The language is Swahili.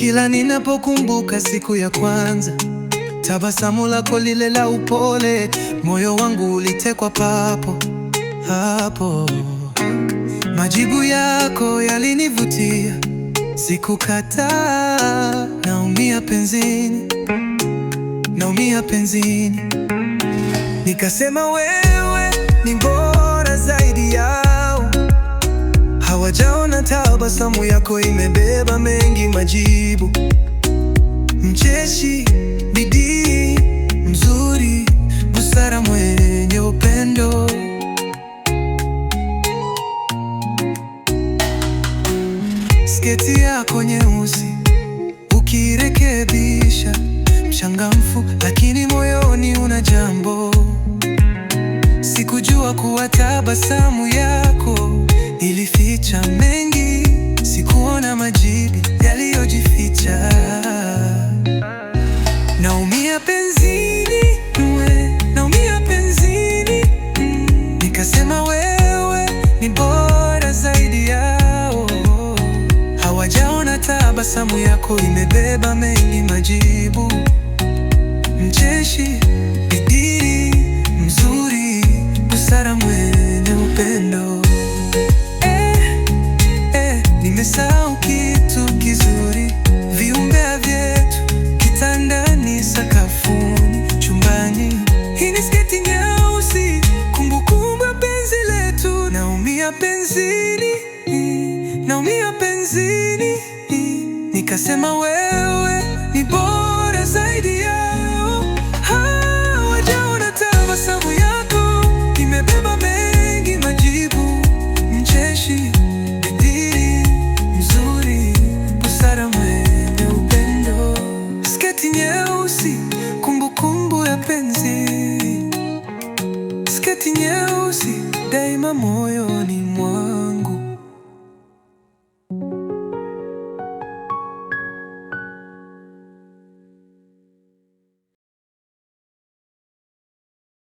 Kila ninapokumbuka siku ya kwanza, tabasamu lako lile la upole, moyo wangu ulitekwa papo hapo. Majibu yako yalinivutia, sikukataa. Naumia penzini, naumia penzini, nikasema wewe ni Tabasamu yako imebeba mengi majibu. Mcheshi, bidii, mzuri, busara, mwenye upendo. Sketi yako nyeusi ukirekebisha, mchangamfu lakini moyoni una jambo. Sikujua kuwa tabasamu yako nikasema wewe ni bora zaidi yao. Hawajaona tabasamu yako imebeba mengi majibu, mcheshi Naumia penzini, naumia penzini, nikasema wewe ni bora zaidi yao. Ah, Hawajaona tabasamu yako, imebeba mengi majibu, mcheshi, bidii, mzuri, busara, mwenye upendo, sketi nyeusi nyeusi daima moyoni mwangu.